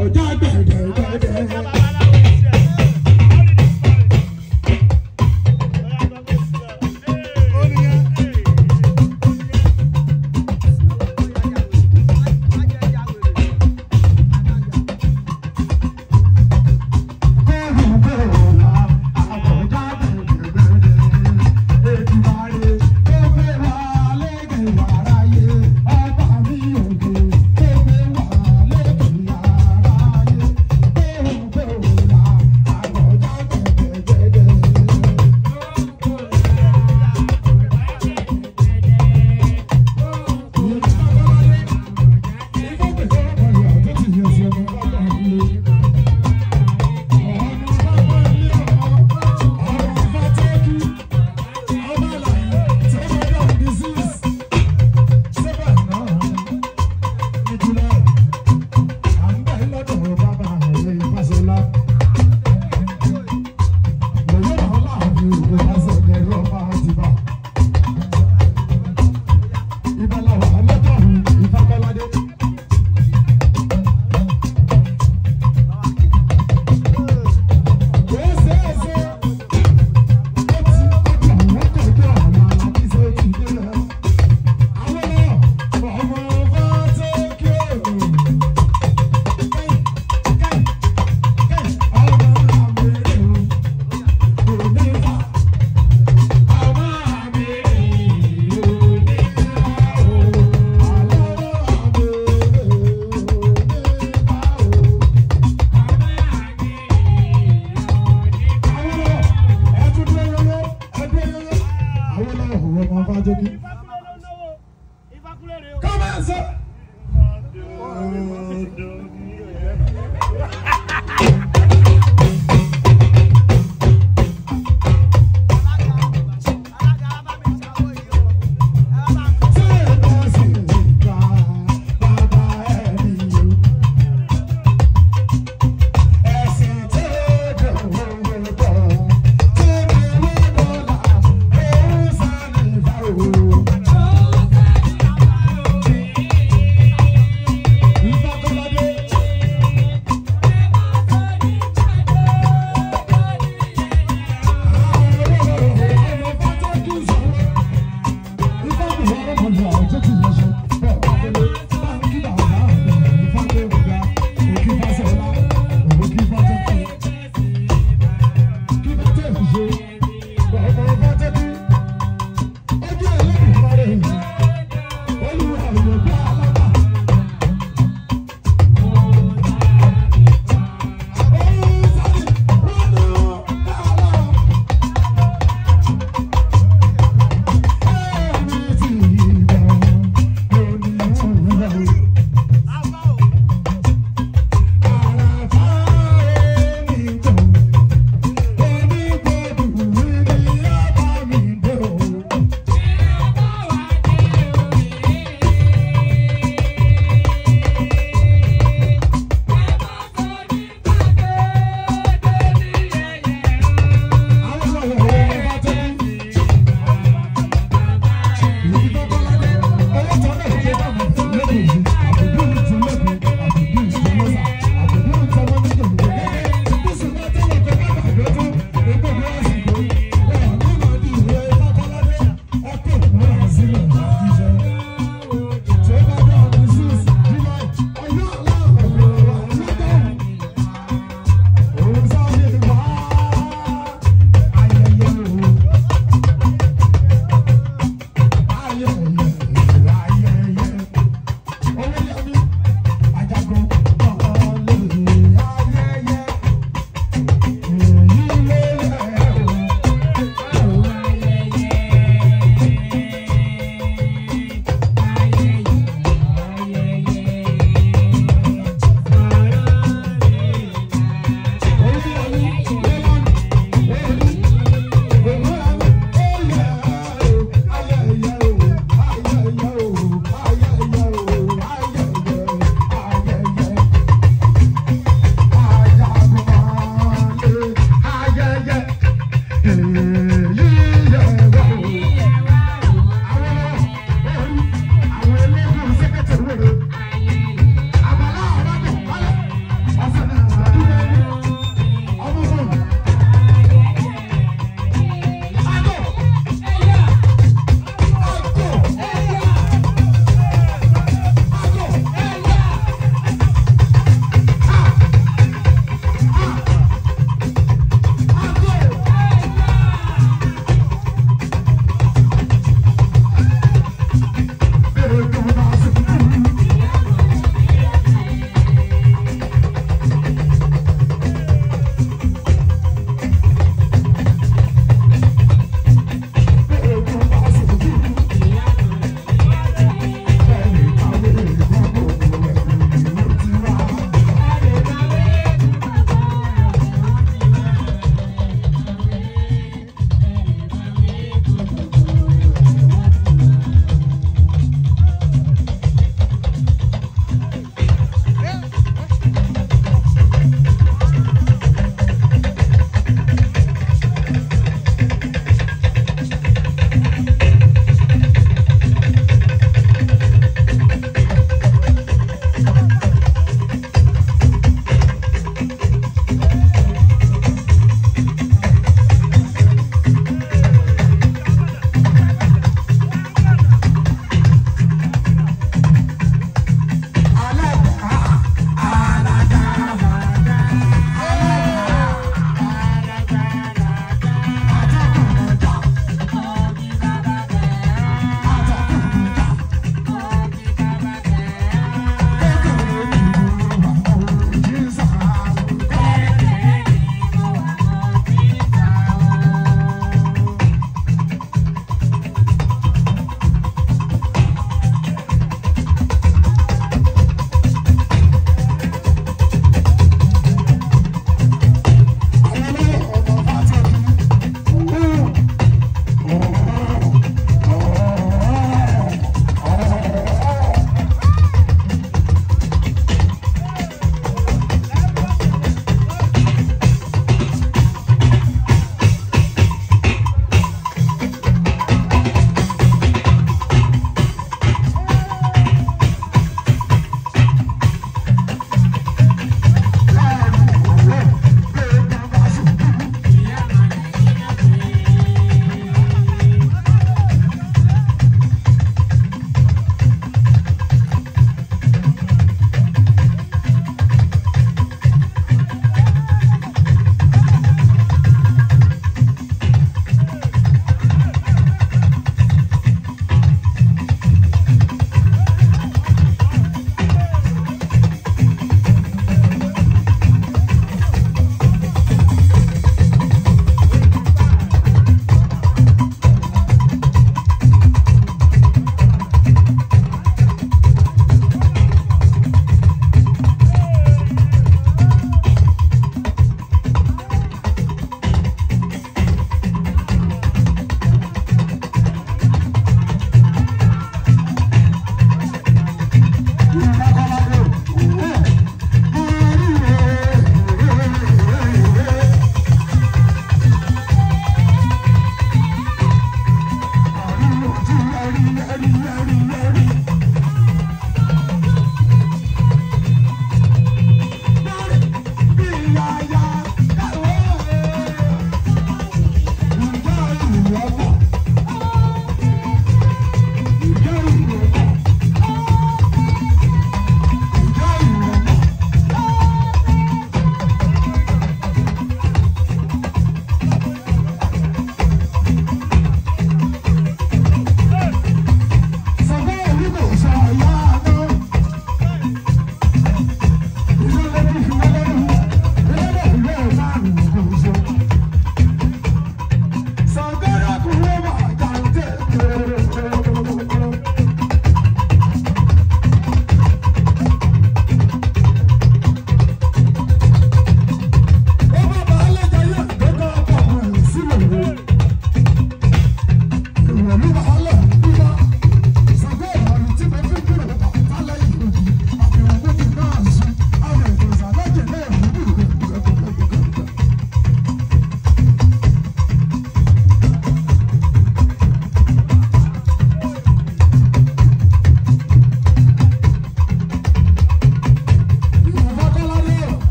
ọjọ́ gbẹ̀dẹ̀gbẹ̀dẹ̀.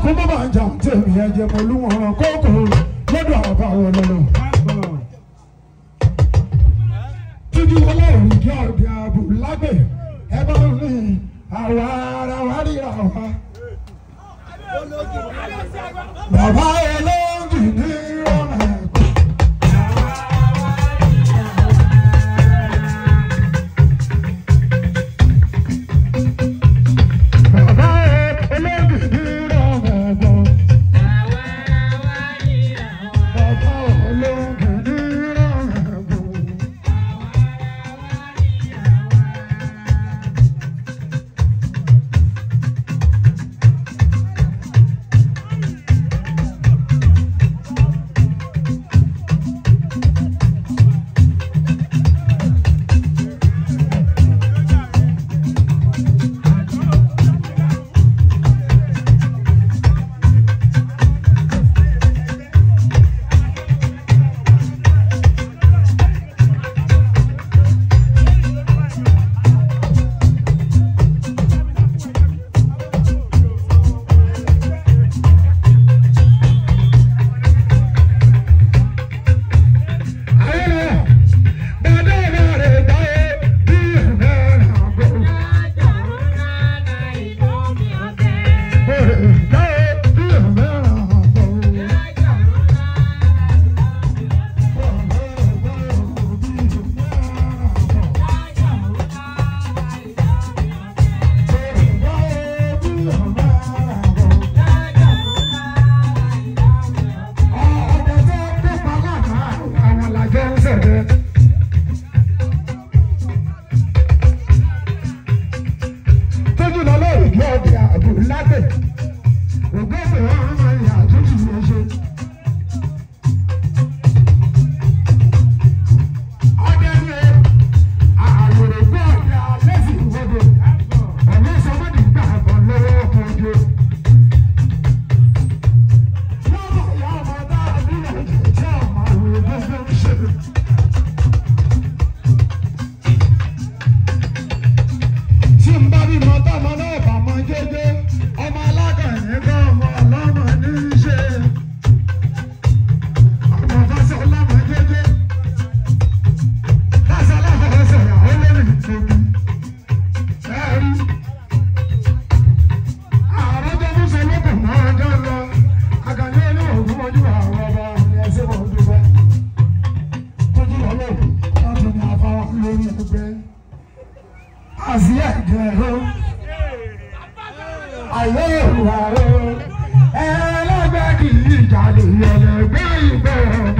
dákun bó máa ń jà tèmi ẹ̀jẹ̀ mọ̀ lù wọ́n kókó lọ́dọ̀ àwọn bá wọn lọ́lọ́. Tíjú ọlọ́run jẹ́ ọ̀dẹ̀ ààbò lágbè ẹ bá ń rìn àwa. ayé ìwà o ẹlẹgbẹ́ kì í jalè ẹlẹgbẹ́ ìbẹ̀rẹ̀.